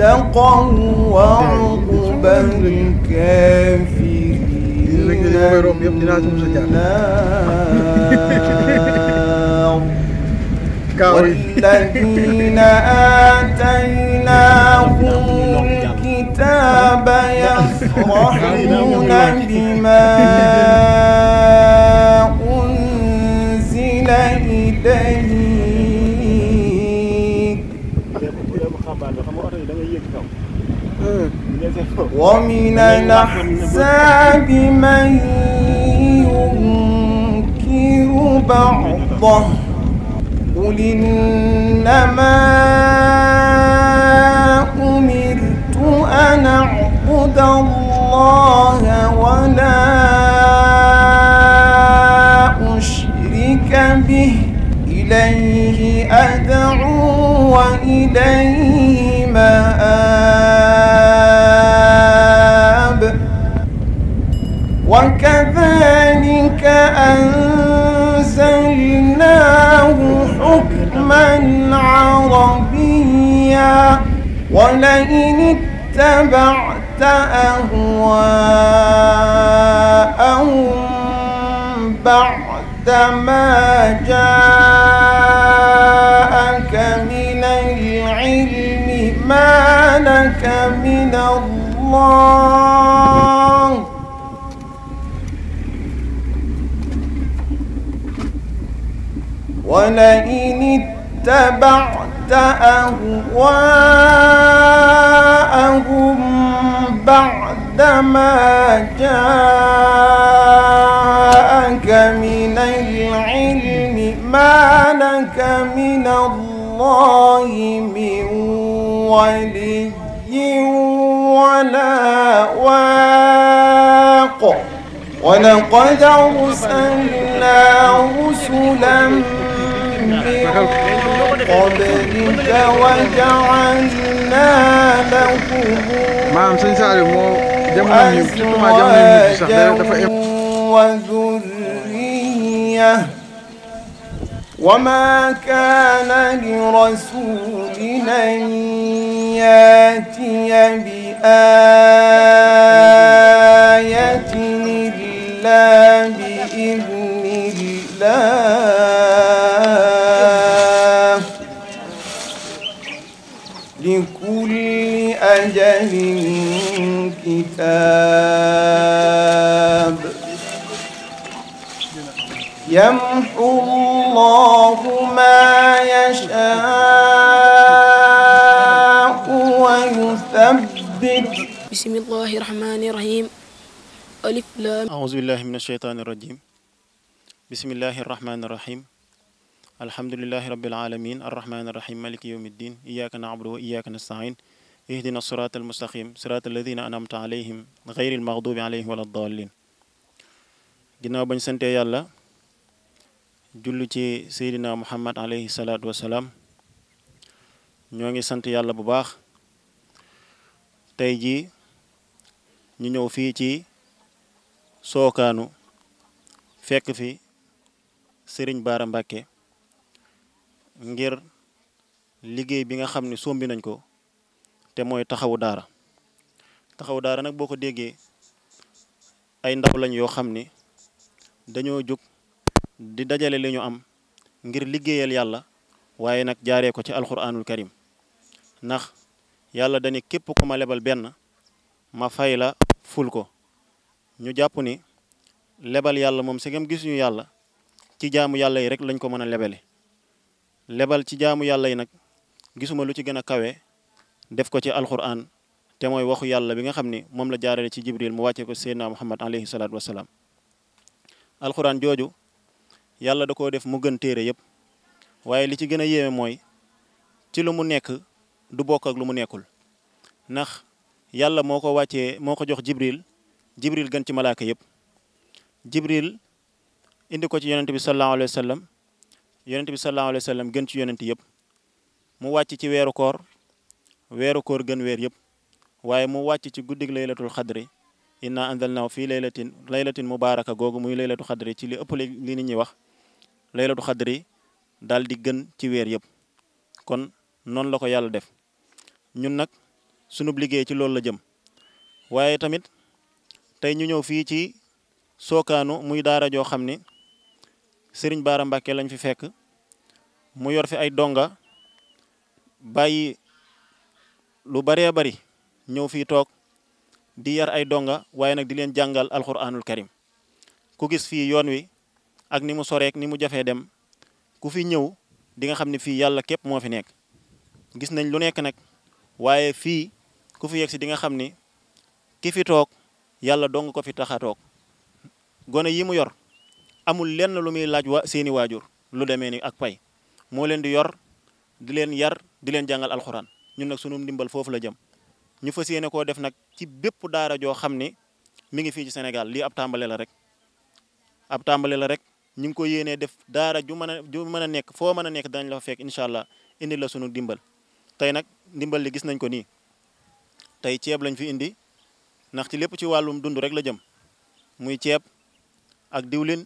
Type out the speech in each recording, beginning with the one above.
اتقوا وعقب الكافرين النار والذين آتيناهم الكتاب يفرحون بما ومن الأحزاب من ينكر بعضه قل إنما ولئن اتبعت أهواءهم بعد ما جاءك من العلم ما لك من الله ولئن اتبعت اتبعت أهواءهم بعدما جاءك من العلم ما لك من الله من ولي ولا واق ولقد أرسلنا رسلا من قبلك وجعلنا لهم maam sëñ Saliou moo jamono yi surtout maa jamono yi mujj sax dafa wa وما كان لرسول أن يأتي بآية الحساب يمحو الله ما يشاء ويثبت بسم الله الرحمن الرحيم ألف لام أعوذ بالله من الشيطان الرجيم بسم الله الرحمن الرحيم الحمد لله رب العالمين الرحمن الرحيم مالك يوم الدين إياك نعبد وإياك نستعين ihdina siraatal mustaqim siraatal ladina anamta alayhim gayril maxdubi alayhim wala daalin ginnaaw bañ sante yàlla julli ci seydina muhammad alayhi salaatu wasalaam ñoo ngi sant yàlla bu baax tey jii ñu ñëw fii ci sookaanu fekk fii sëriñ baara mbàkke ngir liggéey bi nga xam ne sombi nañ ko te mooy taxawu daara taxawu daara nag boo ko déggee ay ndaw lañ yoo xam ni dañoo jóg di dajale li ñu am ngir liggéeyal yàlla waaye nag jaaree ko ci alxuraanul karim ndax yàlla dañu képp ku ma lebal benn ma fay la ful ko ñu jàpp ni lebal yàlla moom segam gisuñu yàlla ci jaamu yàlla yi rek lañ ko mën a lebale lebal ci jaamu yàlla yi nag gisuma lu ci gën a kawe def ko ci alxuraan te mooy waxu yàlla bi nga xam ni moom la jaarale ci jibril mu wàcce ko seydina muhammad alayhi salaatu wasalaam jooju yàlla da koo def mu gën téere yëpp waaye li ci gën a yéeme mooy ci lu mu nekk du bokkak lu mu nekkul ndax yàlla moo ko wàccee moo ko jox jibril jibril gën ci malaaka yépp jibril indi ko ci yonent bi sallallahu alayhi wa sallam yonent bi sallallahu alayhi sallam gën ci yonent yëpp mu wàcc ci weeru koor weeru koor gën weer yépp waaye mu wàcc ci guddig laylatul xadri inna anzalnaahu fii laylatin laylatin mubaaraka googu muy laylatu xadri ci li ëpp li nit ñi wax laylatu xadri daal di gën ci weer yëpp kon noonu la ko yàlla def ñun nag sunub liggéey ci loolu la jëm waaye tamit tey ñu ñëw fii ci sookaanu muy daara joo xam ni sëriñ Baara Mbàkke lañ fi fekk mu yor fi ay donga bàyyi lu baree bari ñëw fii toog di yar ay donga waaye nag di leen jàngal alquranul karim ku gis fii yoon wi ak ni mu soreek ni mu jafee dem ku fi ñëw di nga xam ne fii yàlla képp moo fi nekk gis nañ lu nekk nag waaye fii ku fi yegg si di nga xam ni ki fi toog yàlla dong ko fi tax toog gone yi mu yor amul lenn lu muy laaj wa seeni waajur lu demee ni ak pay moo leen di yor di leen yar di leen jàngal alxuraan ñun nag sunum ndimbal foofu la jëm ñu fa yéene koo def nag ci bépp daara joo xam ne mu ngi fii ci Sénégal lii ab tàmbale la rek ab tàmbale la rek ñu ngi ko yéenee def daara ju mën a ju mën a nekk foo mën a nekk danañ la fa fekk incha allah indi la sunu ndimbal tey nag ndimbal li gis nañ ko nii tey ceeb lañ fi indi ndax ci lépp ci wàllum dund rek la jëm muy ceeb ak diwlin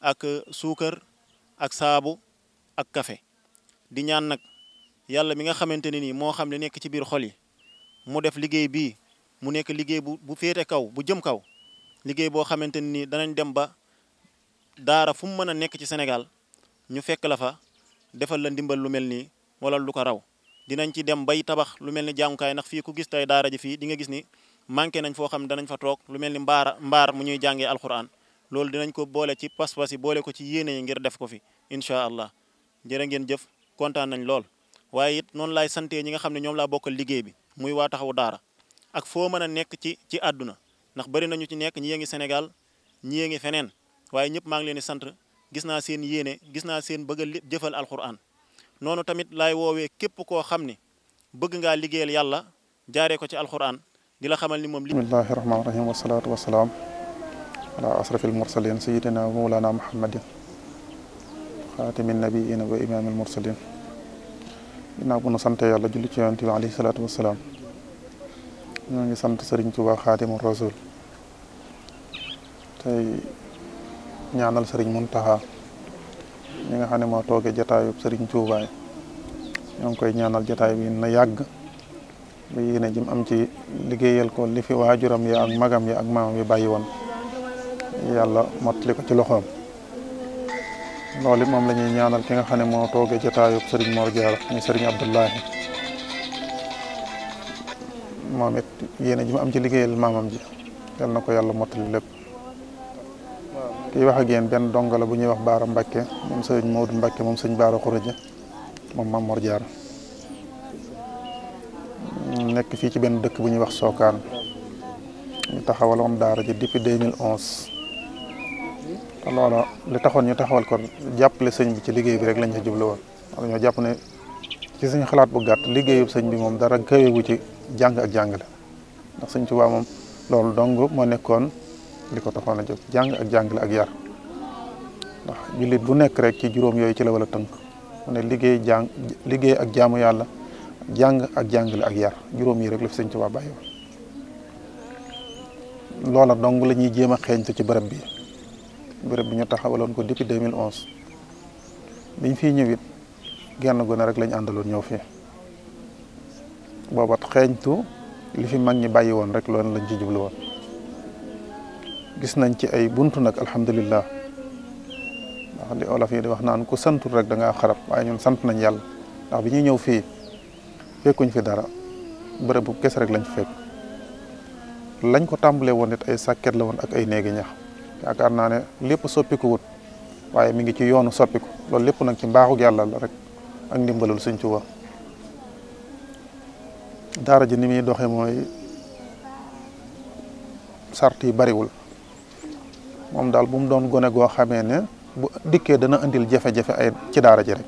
ak suukar ak saabu ak kafe di ñaan nag yàlla mi nga xamante ne nii moo xam ne nekk ci biir xol yi mu def liggéey bii mu nekk liggéey bu bu féete kaw bu jëm kaw liggéey boo xamante ne nii danañ dem ba daara fu mu mën a nekk ci Sénégal ñu fekk la fa defal la ndimbal lu mel nii wala lu ko raw dinañ ci dem bay tabax lu mel ni jàngukaay ndax fii ku gis tey daara ji fii di nga gis ni manqué nañ foo xam ne danañ fa toog lu mel ni mbaara mbaar mu ñuy jàngee alquran loolu dinañ ko boole ci pas-pas boole ko ci yéene yi ngir def ko fi incha allah jërë ngeen jëf kontaan nañ lool. waaye it noonu laay santee ñi nga xam ne ñoom laa bokkal liggéey bi muy waa taxawu daara ak foo mën a nekk ci ci àdduna ndax bëri nañu ci nekk ñii a ngi Sénégal ñii ngi feneen waaye ñëpp maa ngi leen di sant gis naa seen yéene gis naa seen bëgg a jëfal alxuraan noonu tamit laay woowee képp koo xam ni bëgg ngaa liggéeyal yàlla jaare ko ci alxuraan di la xamal ni moom li bismillahi rahmaani rahim wasalaatu wasalaam ala asrafil mursalin sayidina mawlana muhammadin xaatimin nabiina wa imaamil mursalin ginnaaw bu nu yàlla julli ci yonent bi alayhi salaatu wasalaam ñoo ngi sant Sëriñ Tuubaa Xaadimu Rasuul tey ñaanal Sëriñ taxa mi nga xam ne moo toogee jataayub Sëriñ Tuubaa ñoo ngi koy ñaanal jataay bi na yàgg ba yéene jëm am ci liggéeyal ko lifi fi waajuram ya ak magam ya ak maamam yi bàyyi woon yàlla mottali ko ci loxoom loolu it moom la ñuy ñaanal ki nga xam ne moo toogee jotaayub Serigne Mor Diarra muy Serigne Abdoulahi moom it yéen ji mu am ci liggéeyal maamam ji yal na ko yàlla mottali lépp kii wax benn donga la bu ñuy wax Baara Mbacke moom Serigne Modou Mbacke moom sëñ Baara Khourédia moom Mame Mor Diarra nekk fii ci benn dëkk bu ñuy wax sookaan ñu taxawaloon daara ji depuis 2011. te loola li taxoon ñu taxawal ko jàppale sëñ bi ci liggéey bi rek lañ ca jublu woon dañoo jàpp ne ci suñu xalaat bu gàtt liggéeyu sëñ bi moom dara kawewu ci jàng ak jàngale ndax sëñ Tuubaa moom loolu dong moo nekkoon li ko taxoon a jóg jàng ak jàngale ak yar ndax jullit bu nekk rek ci juróom yooyu ci la wala tënk liggéey jàng liggéey ak jaamu yàlla jàng ak jàngale ak yar juróom yi rek la fi sëñ Tuubaa bàyyi woon loola dong la ñuy jéem a xeeñtu ci bërëb bi bërëb bu ñu taxawaloon ko depuis 2011 biñ fi ñëwit genn gone rek lañ àndaloon ñëw fi boobat xeeñtu li fi mag ñi bàyyi woon rek loolu lañ ci jublu woon gis nañ ci ay buntu nag alhamdulilah ndax di olof yi di wax naan ku santul rek danga ngaa xarab waaye ñun sant nañ yàll ndax bi ñuy ñëw fii fekkuñ fi dara bërëb bu kese rek lañ fekk lañ ko tàmbule woon ay sàkket la woon ak ay néegi ñax yaakaar naa ne lépp soppiku wut waaye mi ngi ci yoonu soppiku loolu lépp nag ci mbaaxug yàlla la rek ak ndimbalul Sëñ Tuubaa daara ji ni muy doxe mooy sarti yi bariwul moom daal bu doon gone goo xamee ne bu dikkee dana indil jafe-jafe ay ci daara ji rek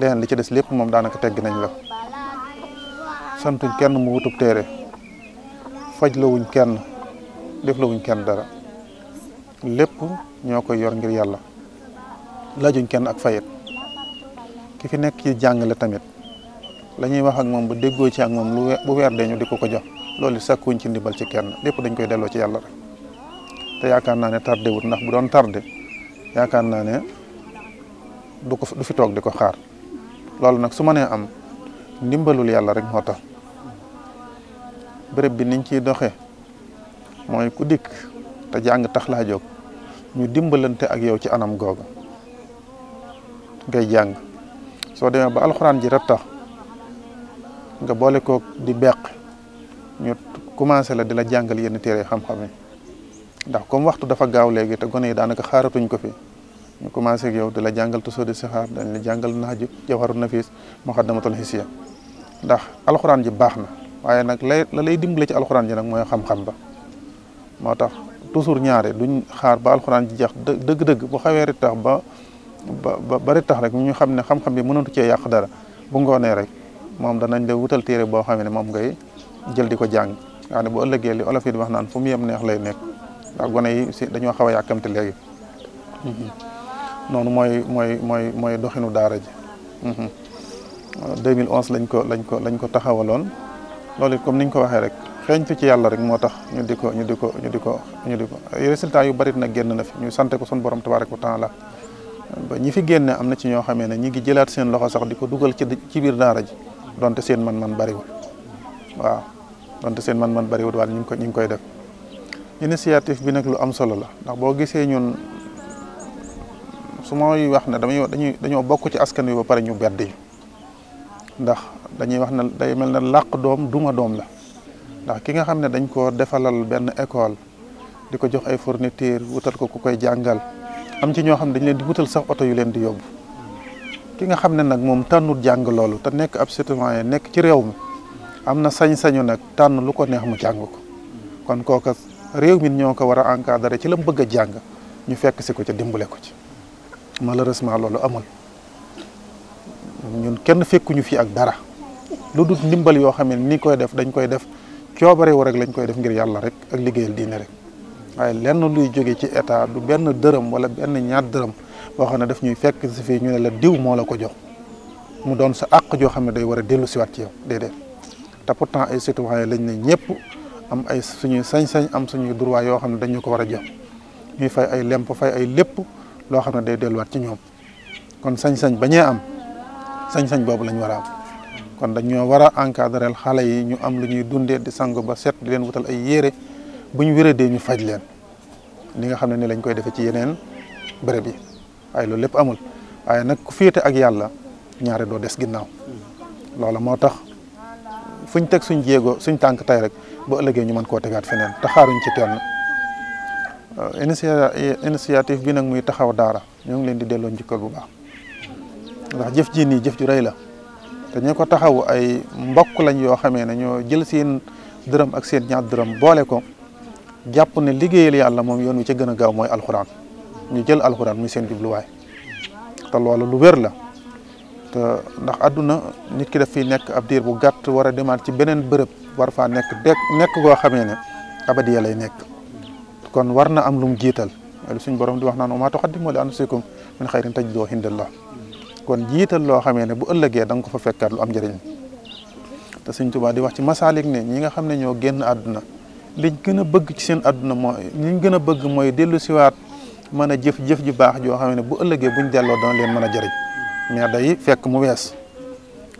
leneen li ci des lépp moom daanaka tegg nañ la santuñ kenn mu wutub téere faj lawuñ kenn def lawuñ kenn dara lépp ñoo koy yor ngir yàlla lajuñ kenn ak fayet ki fi nekk ci jàngale tamit lañuy ñuy wax ak moom bu déggoo ci ak moom lu bu weer dee ñu di ko ko jox loolu sàkkuñ ci ndimbal ci kenn lépp dañ koy delloo ci yàlla rek te yaakaar naa ne tardé wut ndax bu doon tardé yaakaar naa ne du ko du fi toog di ko xaar loolu nag su ma am ndimbalul yàlla rek moo tax béréb bi niñ ciy doxee mooy ku dikk. te jàng tax laa jóg ñu dimbalante ak yow ci anam googa ngay jàng soo demee ba alxuraan ji tax nga boole kook di beq ñu commencé la di la jàngal yenn téere xam-xam yi ndax comme waxtu dafa gaaw léegi te gone yi daanaka xaaratuñ ko fi ñu commencé yow di la jàngal tu sodi sixaar dañ la jàngal naaju jawaru nafis muqaddamatul hisiya ndax alxuraan ji baax na waaye nag lay la lay dimbale ci alxuraan ji nag mooy xam-xam ba moo tax toujours ñaare duñ xaar ba alxuraan ji jeex dëgg-dëgg bu xawee retax ba ba ba tax rek ñu xam ne xam-xam bi mënatu cee yàq dara bu ngoonee rek moom danañ la wutal téere boo xam ne moom ngay jël di ko jàng nga ne bu ëllëgee li olof yi di wax naan fu mu yem neex lay nekk ndax gone yi si dañoo xaw a yàkkamte léegi mhm. noonu mooy mooy mooy mooy doxinu daara ji 2011 mhm. lañ ko lañ ko lañ ko taxawaloon loolu it comme niñ ko waxee rek xeeñtu ci yàlla rek moo tax ñu di ko ñu di ko ñu di ko ñu di ko résultat yu bari nag génn na fi ñu sante ko suñu borom tabaaraka wa taala ba ñi fi génne am na ci ñoo xamee ne ñi ngi jëlaat seen loxo sax di ko dugal ci ci biir daara ji donte seen man-man bariwul waaw donte seen man-man bariwul waaye ñu ngi ko ñu ngi koy def initiative bi nag lu am solo la ndax boo gisee ñun su may wax ne damay dañuy dañoo bokk ci askan wi ba pare ñu bedd yi ndax dañuy wax ne day mel ne làq doom duma doom la ndax ki nga xam ne dañ ko defalal benn école di ko jox ay fourniture wutal ko ku koy jàngal am ci ñoo xam ne dañ leen di wutal sax oto yu leen di yóbbu ki nga xam ne nag moom tànnut jàng loolu te nekk ab citoyen nekk ci réew mi am na sañ-sañu nag tànn lu ko neex mu jàng ko kon kooka réew mi ñoo ko war a encadré ci la mu bëgg a jàng ñu fekk si ko ca dimbale ko ci malheureusement loolu amul ñun kenn fekkuñu fi ak dara lu dul ndimbal yoo xam ne ni koy def dañ koy def coobare wu rek lañ koy def ngir yàlla rek ak liggéeyal diine rek waaye lenn luy jóge ci état du benn dërëm wala benn ñaar dërëm boo xam ne daf ñuy fekk si fii ñu ne la diw moo la ko jox mu doon sa àq joo xam ne day war a dellu siwaat ci yow déedéet te pourtant ay citoyen lañ ne ñëpp am ay suñuy sañ-sañ am suñuy droit yoo xam ne dañu ko war a jox ñuy fay ay lemp fay ay lépp loo xam ne day delluwaat ci ñoom kon sañ-sañ bañee am sañsañ boobu lañ war a am kon dañ ñoo war a encadrel xale yi ñu am lu ñuy dundee di sangu ba set di leen wutal ay yére bu ñu wéradee ñu faj leen li nga xam ne ni lañ koy defee ci yeneen bërëb bi waaye loolu lépp amul waaye nag ku féete ak yàlla ñaare doo des ginnaaw loola moo tax fu ñu teg suñ jéego suñ tànk tey rek boo ëllëgee ñu mën koo tegaat feneen taxaaruñ xaaruñ ci kenn euh, initiative bi nag muy taxaw daara ñoo ngi leen di delloo njukkal bu baax ndax jëf ji nii jëf ju rey la te ko taxaw ay mbokk lañ yoo xamee ne ñoo jël seen dërëm ak seen ñaar dërëm boole ko jàpp ne liggéeyal yàlla moom yoon wi ca gën a gaaw mooy alxuraan ñu jël alxuraan muy seen jubluwaay te loolu lu wér la te ndax àdduna nit ki daf fiy nekk ab diir bu gàtt war a demaat ci beneen bërëb war faa nekk dek nekk koo xamee ne abadiya lay nekk kon war na am lu mu jiital suñ borom di wax naan wa maa tuqaddimu li anfusikum min xayrin tajiduhu indallah kon jiital loo xamee ne bu ëllëgee danga ko fa fekkaat lu am njëriñ te Sëñ Tuubaa di wax ci masaalik ne ñi nga xam ne ñoo génn àdduna liñ gën a bëgg ci seen àdduna mooy liñ gën a bëgg mooy dellu siwaat mën a jëf jëf ju baax joo xam ne bu ëllëgee buñ delloo dana leen mën a jëriñ mais day fekk mu wees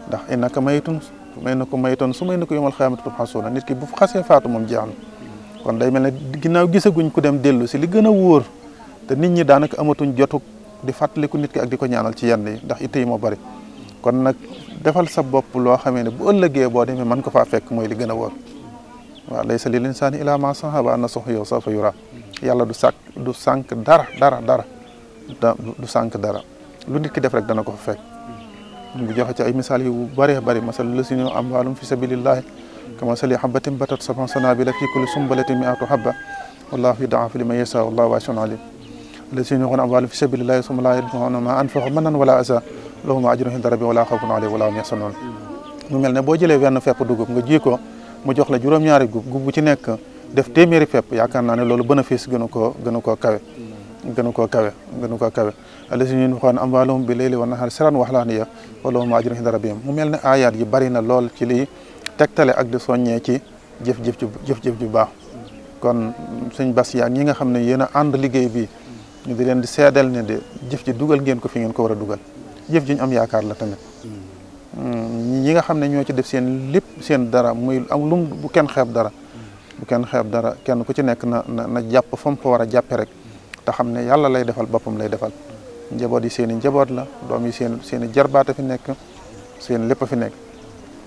ndax innaka maytun may na ko maytoon su may na ko yomal xaamati tubxasuuna nit ki bu xasee faatu moom jeex na kon day mel ne ginnaaw gisaguñ ku dem dellu si li gën a wóor te nit ñi daanaka amatuñ jotuk di fàttaliku nit ki ak di ko ñaanal ci yenn yi ndax itte yi moo bari kon nag defal sa bopp loo xamee ne bu ëllëgee boo demee man ko faa fekk mooy li gën a wóor waaw laysa lil insaani illaa maa sahaa wa anna yow sa fa yura yàlla du sàkk du sànk dara dara dara du sànk dara lu nit ki def rek dana ko fa fekk bu joxe ci ay misaal yu bëree bëri masal lasino am waalum fi sabilillahi kamasali habatin batat sab'a sanaabila fi kulli sumbalatin mi'atu habba wallahu yudaa'ifu liman yashaa wallahu waasi'un aliim الذين ينفقون أموالهم في سبيل الله ثم لا يرجعون ما أنفقوا منا ولا أذى لهم أجرهم عند ربهم ولا خوف عليهم ولا هم يحزنون mu mel ne boo jëlee wenn fepp dugub nga ji ko mu jox la juróom-ñaari gub gub bu ci nekk def téeméeri fepp yaakaar naa ne loolu bénéfice gënu koo gënu koo kawe gënu koo kawe gënu koo kawe allazina yunfiquna amwaalahum bi layli wa nahaari sirran wa alaaniyatan wa lahum ajruhum inda rabbihim mu mel ne aayaat yi bari na lool ci liy tegtale ak di soññee ci jëf-jëf ju jëf ju baax kon suñ bas yaag ñi nga xam ne yéen a ànd liggéey bi ñu di leen di seedal ne de jëf ji dugal ngeen ko fi ngeen ko war a dugal jëf ji ñu am yaakaar la tamit mm. ñi nga xam ne ñoo ci def seen lépp seen dara muy am lum bu kenn xeeb dara kenn xeeb dara kenn ku ci nekk na na na jàpp fa ko war a jàppe rek te xam ne yàlla lay defal boppam lay defal njaboot yi seen njaboot la doom yi seen seen i jarbaata fi nekk seen lépp fi nekk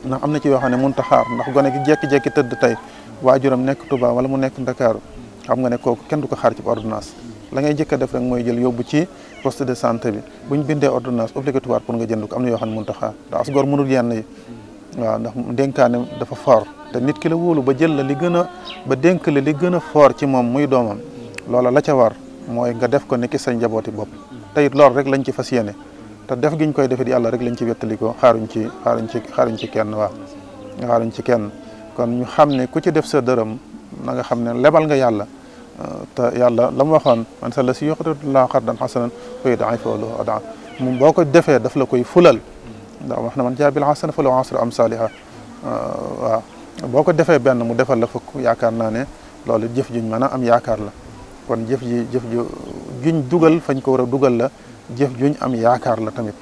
ndax am na ci yoo xam ne mun ta xaar ndax gone gi jékki-jékki tëdd tey waajuram nekk tubaab wala mu nekk Ndakaaru xam nga ne kooku kenn du ko xaar ci ordonnance la ngay jëkk a def rek mooy jël yóbbu ci poste de santé bi bu ñu bindee ordonnance obligatoire pour nga jënd ko am na yoo xam ne mënut a xaar ndax asgoor yenn yi waaw ndax dénkaane dafa fort te nit ki la wóolu ba jël la li gën a ba dénk la li gën a fort ci moom muy doomam loola la ca war mooy nga def ko ni sa njabooti bopp te it loolu rek lañ ci fas yéene te def giñ koy defit yàlla rek lañ ci wettalikoo xaaruñ ci xaaruñ ci xaaruñ ci kenn waaw xaaruñ ci kenn kon ñu xam ne ku ci def sa dërëm na nga xam ne lebal nga yàlla te yàlla la mu waxoon man sa la si yoxatulaa xardan xasanan fa yudaa'ifahu lahu moom boo ko defee daf la koy fulal ndax wax na man jaa bil xasana fa lahu asru amsaaliha waaw boo ko defee benn mu defal la fukk yaakaar naa ne loolu jëf juñ mën am yaakaar la kon jëf ji jëf ju juñ dugal fañ ko war a dugal la jëf juñ am yaakaar la tamit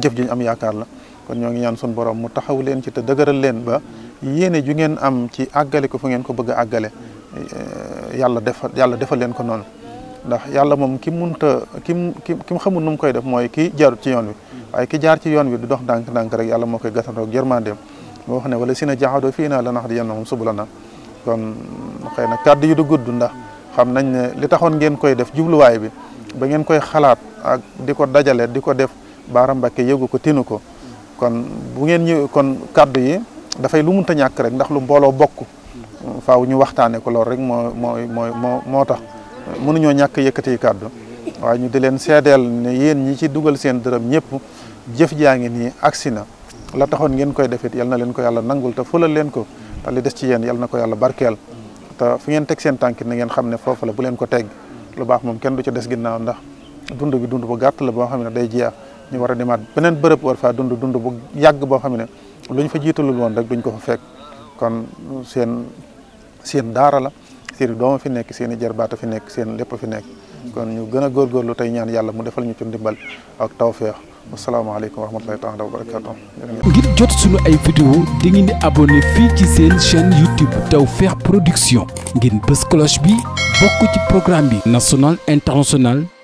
jëf juñ am yaakaar la kon ñoo ngi ñaan sun borom mu taxaw leen ci te dëgëral leen ba yéene ju ngeen am ci àggale ko fu ngeen ko bëgg àggale Eh, yàlla defal yàlla defal leen ko noonu ndax yàlla moom ki munta kim ki ki mu xamul nu mu koy def mooy ki jaarut ci yoon wi waaye ki jaar ci yoon wi du dox ndànk-ndànk rek yàlla moo koy gàttandoo ak yërmandeem moo wax ne wala si na jaxadoo fii nax di yen moom subulana kon xëy na kàddu yi du gudd ndax xam nañ ne li taxoon ngeen koy def jubluwaay bi ba ngeen koy xalaat ak di ko dajale di ko def baara mbakke yëgu ko tinu ko kon bu ngeen ñëw kon kàddu yi dafay lu munta ñàkk rek ndax lu mbooloo bokk faaw ñu waxtaanee ko loolu rek moo mooy mooy moo moo tax mënuñoo ñàkk yëkkati kàddu waa ñu di leen seedeel ne yéen ñi ci dugal seen dërëm ñëpp jëf jaa ngi nii agsi na la taxoon ngeen koy defit yal na leen ko yàlla nangul te fulal leen ko te li des ci yéen yal na ko yàlla barkeel te fu ngeen teg seen tànkit na ngeen xam ne foofu la bu leen ko teg lu baax moom kenn du ci des na ginnaaw ndax dund bi dund bu gàtt la boo xam ne day jeex ñu war a demaat beneen bërëb war faa dund dund bu yàgg boo xam ne lu ñu fa woon rek duñ ko fa fekk seen daara la seen i fi nekk seen i jarbaata fi nekk seen lépp fi nekk kon ñu gën a lu tey ñaan yàlla mu defal ñu ci ndimbal ak tawféex wasalaamaaleykum wa rahmatulahi taala wa barakaatu ngir jot suñu ay vidéo di ngeen di abonné fii ci seen chaîne YouTube Tawfekh Production ngeen bës cloche bi bokk ci programme bi national international